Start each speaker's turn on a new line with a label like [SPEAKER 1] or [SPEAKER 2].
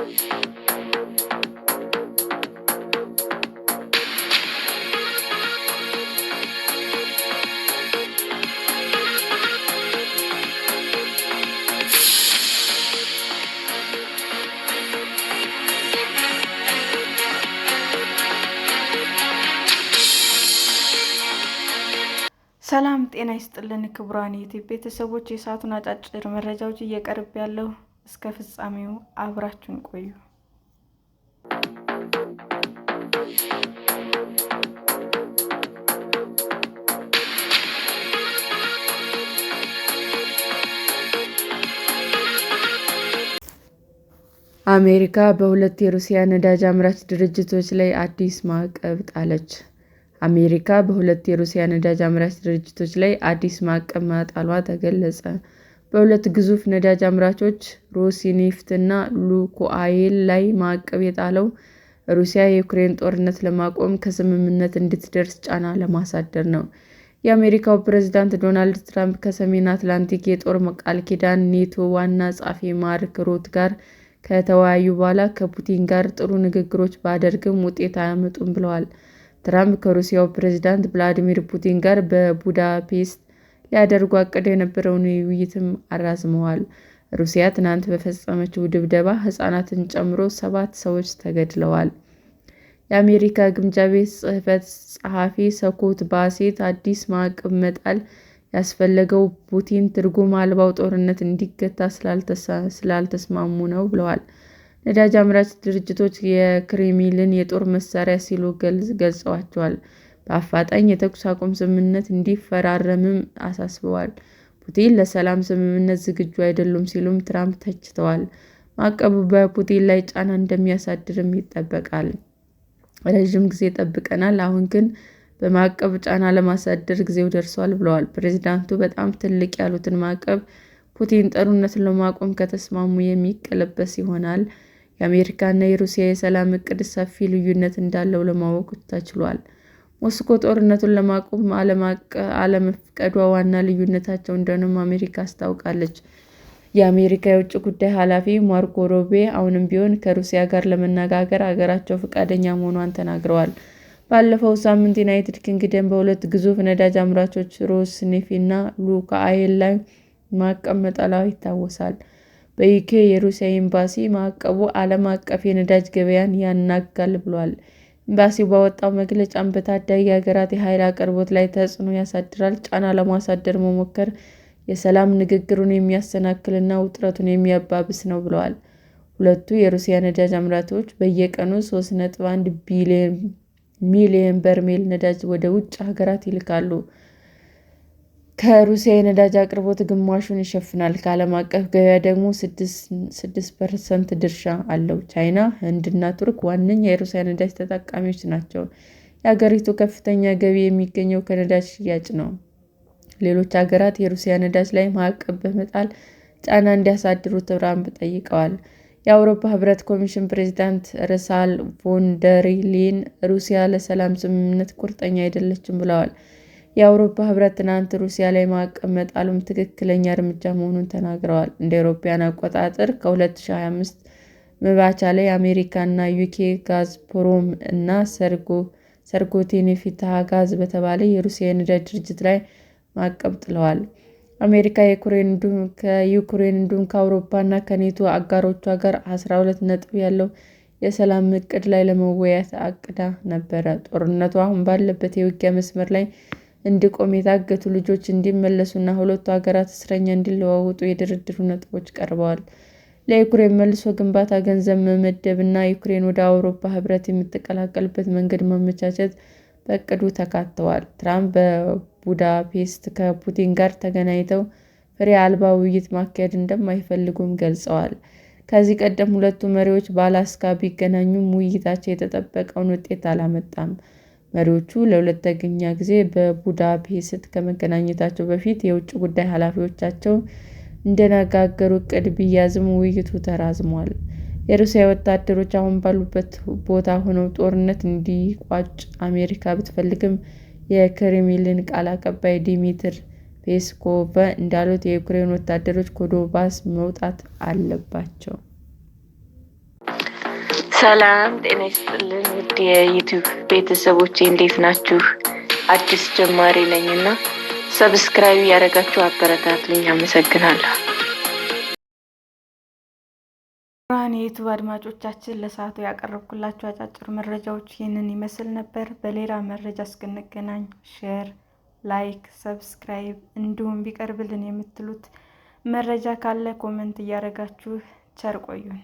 [SPEAKER 1] ሰላም ጤና ይስጥልን ክቡራን ዩቲዩብ ቤተሰቦች፣ የሰዓቱን አጫጭር መረጃዎች እየቀርብ ያለው እስከ ፍጻሜው አብራችሁን ቆዩ። አሜሪካ በሁለት የሩሲያ ነዳጅ አምራች ድርጅቶች ላይ አዲስ ማዕቀብ ጣለች። አሜሪካ በሁለት የሩሲያ ነዳጅ አምራች ድርጅቶች ላይ አዲስ ማዕቀብ መጣሏ ተገለጸ። በሁለት ግዙፍ ነዳጅ አምራቾች ሮሲኒፍት እና ሉኮይል ላይ ማዕቀብ የጣለው ሩሲያ የዩክሬን ጦርነት ለማቆም ከስምምነት እንድትደርስ ጫና ለማሳደር ነው። የአሜሪካው ፕሬዝዳንት ዶናልድ ትራምፕ ከሰሜን አትላንቲክ የጦር ቃል ኪዳን ኔቶ ዋና ጸሐፊ ማርክ ሩት ጋር ከተወያዩ በኋላ ከፑቲን ጋር ጥሩ ንግግሮች ባደርግም ውጤት አያመጡም ብለዋል። ትራምፕ ከሩሲያው ፕሬዝዳንት ቭላዲሚር ፑቲን ጋር በቡዳፔስት ሊያደርጉ አቅደው የነበረውን ውይይትም አራዝመዋል። ሩሲያ ትናንት በፈጸመችው ድብደባ ሕፃናትን ጨምሮ ሰባት ሰዎች ተገድለዋል። የአሜሪካ ግምጃ ቤት ጽሕፈት ጸሐፊ ሰኩት ባሴት አዲስ ማዕቀብ መጣል ያስፈለገው ፑቲን ትርጉም አልባው ጦርነት እንዲገታ ስላልተስማሙ ነው ብለዋል። ነዳጅ አምራች ድርጅቶች የክሬምሊን የጦር መሳሪያ ሲሉ ገልጸዋቸዋል። በአፋጣኝ የተኩስ አቁም ስምምነት እንዲፈራረምም አሳስበዋል። ፑቲን ለሰላም ስምምነት ዝግጁ አይደሉም ሲሉም ትራምፕ ተችተዋል። ማዕቀቡ በፑቲን ላይ ጫና እንደሚያሳድርም ይጠበቃል። ረዥም ጊዜ ጠብቀናል፣ አሁን ግን በማዕቀብ ጫና ለማሳደር ጊዜው ደርሷል ብለዋል ፕሬዚዳንቱ። በጣም ትልቅ ያሉትን ማዕቀብ ፑቲን ጦርነቱን ለማቆም ከተስማሙ የሚቀለበስ ይሆናል። የአሜሪካና የሩሲያ የሰላም ዕቅድ ሰፊ ልዩነት እንዳለው ለማወቅ ተችሏል። ሞስኮ ጦርነቱን ለማቆም አለመፍቀዷ ዋና ልዩነታቸው እንደሆነም አሜሪካ አስታውቃለች። የአሜሪካ የውጭ ጉዳይ ኃላፊ ማርኮ ሮቤ አሁንም ቢሆን ከሩሲያ ጋር ለመነጋገር አገራቸው ፈቃደኛ መሆኗን ተናግረዋል። ባለፈው ሳምንት ዩናይትድ ኪንግደም በሁለት ግዙፍ ነዳጅ አምራቾች ሮስኔፍት እና አይል ላይ ማዕቀብ መጣሏ ይታወሳል። በዩኬ የሩሲያ ኤምባሲ ማዕቀቡ ዓለም አቀፍ የነዳጅ ገበያን ያናጋል ብሏል። ኤምባሲው ባወጣው መግለጫም በታዳጊ ሀገራት የኃይል አቅርቦት ላይ ተጽዕኖ ያሳድራል። ጫና ለማሳደር መሞከር የሰላም ንግግሩን የሚያሰናክልና ውጥረቱን የሚያባብስ ነው ብለዋል። ሁለቱ የሩሲያ ነዳጅ አምራቾች በየቀኑ 3.1 ሚሊየን በርሜል ነዳጅ ወደ ውጭ ሀገራት ይልካሉ። ከሩሲያ የነዳጅ አቅርቦት ግማሹን ይሸፍናል። ከዓለም አቀፍ ገበያ ደግሞ ስድስት ፐርሰንት ድርሻ አለው። ቻይና፣ ህንድና ቱርክ ዋነኛ የሩሲያ ነዳጅ ተጠቃሚዎች ናቸው። የአገሪቱ ከፍተኛ ገቢ የሚገኘው ከነዳጅ ሽያጭ ነው። ሌሎች ሀገራት የሩሲያ ነዳጅ ላይ ማዕቀብ በመጣል ጫና እንዲያሳድሩ ትራምፕ ጠይቀዋል። የአውሮፓ ህብረት ኮሚሽን ፕሬዚዳንት ርሳል ቮንደርሌን ሩሲያ ለሰላም ስምምነት ቁርጠኛ አይደለችም ብለዋል። የአውሮፓ ህብረት ትናንት ሩሲያ ላይ ማዕቀብ መጣሉም ትክክለኛ እርምጃ መሆኑን ተናግረዋል። እንደ አውሮፓውያን አቆጣጠር ከ2025 መባቻ ላይ አሜሪካ እና ዩኬ ጋዝፕሮም እና ጋዝ በተባለ የሩሲያ የነዳጅ ድርጅት ላይ ማዕቀብ ጥለዋል። አሜሪካ ከዩክሬን እንዲሁም ከአውሮፓ እና ከኔቶ አጋሮቿ ጋር 12 ነጥብ ያለው የሰላም እቅድ ላይ ለመወያየት አቅዳ ነበረ። ጦርነቱ አሁን ባለበት የውጊያ መስመር ላይ እንዲቆም የታገቱ ልጆች እንዲመለሱና ሁለቱ ሀገራት እስረኛ እንዲለዋወጡ የድርድሩ ነጥቦች ቀርበዋል። ለዩክሬን መልሶ ግንባታ ገንዘብ መመደብና ዩክሬን ወደ አውሮፓ ህብረት የምትቀላቀልበት መንገድ ማመቻቸት በእቅዱ ተካተዋል። ትራምፕ በቡዳፔስት ከፑቲን ጋር ተገናኝተው ፍሬ አልባ ውይይት ማካሄድ እንደማይፈልጉም ገልጸዋል። ከዚህ ቀደም ሁለቱ መሪዎች በአላስካ ቢገናኙም ውይይታቸው የተጠበቀውን ውጤት አላመጣም። መሪዎቹ ለሁለተኛ ጊዜ በቡዳፔስት ከመገናኘታቸው በፊት የውጭ ጉዳይ ኃላፊዎቻቸው እንደነጋገሩ ቅድ ቢያዝም ውይይቱ ተራዝሟል። የሩሲያ ወታደሮች አሁን ባሉበት ቦታ ሆነው ጦርነት እንዲቋጭ አሜሪካ ብትፈልግም የክሬምሊን ቃል አቀባይ ዲሚትር ፔስኮቭ እንዳሉት የዩክሬን ወታደሮች ከዶንባስ መውጣት አለባቸው።
[SPEAKER 2] ሰላም ጤና ይስጥልን ውድ የዩቱብ ቤተሰቦቼ እንዴት ናችሁ? አዲስ ጀማሪ ነኝ እና ሰብስክራይብ ያደረጋችሁ አበረታቱኝ። አመሰግናለሁ። ራን የዩቱብ አድማጮቻችን ለሰዓቱ ያቀረብኩላችሁ አጫጭር መረጃዎች ይህንን ይመስል ነበር። በሌላ መረጃ እስክንገናኝ ሼር፣ ላይክ፣ ሰብስክራይብ እንዲሁም ቢቀርብልን የምትሉት መረጃ ካለ ኮመንት እያደረጋችሁ ቸር ቆዩን።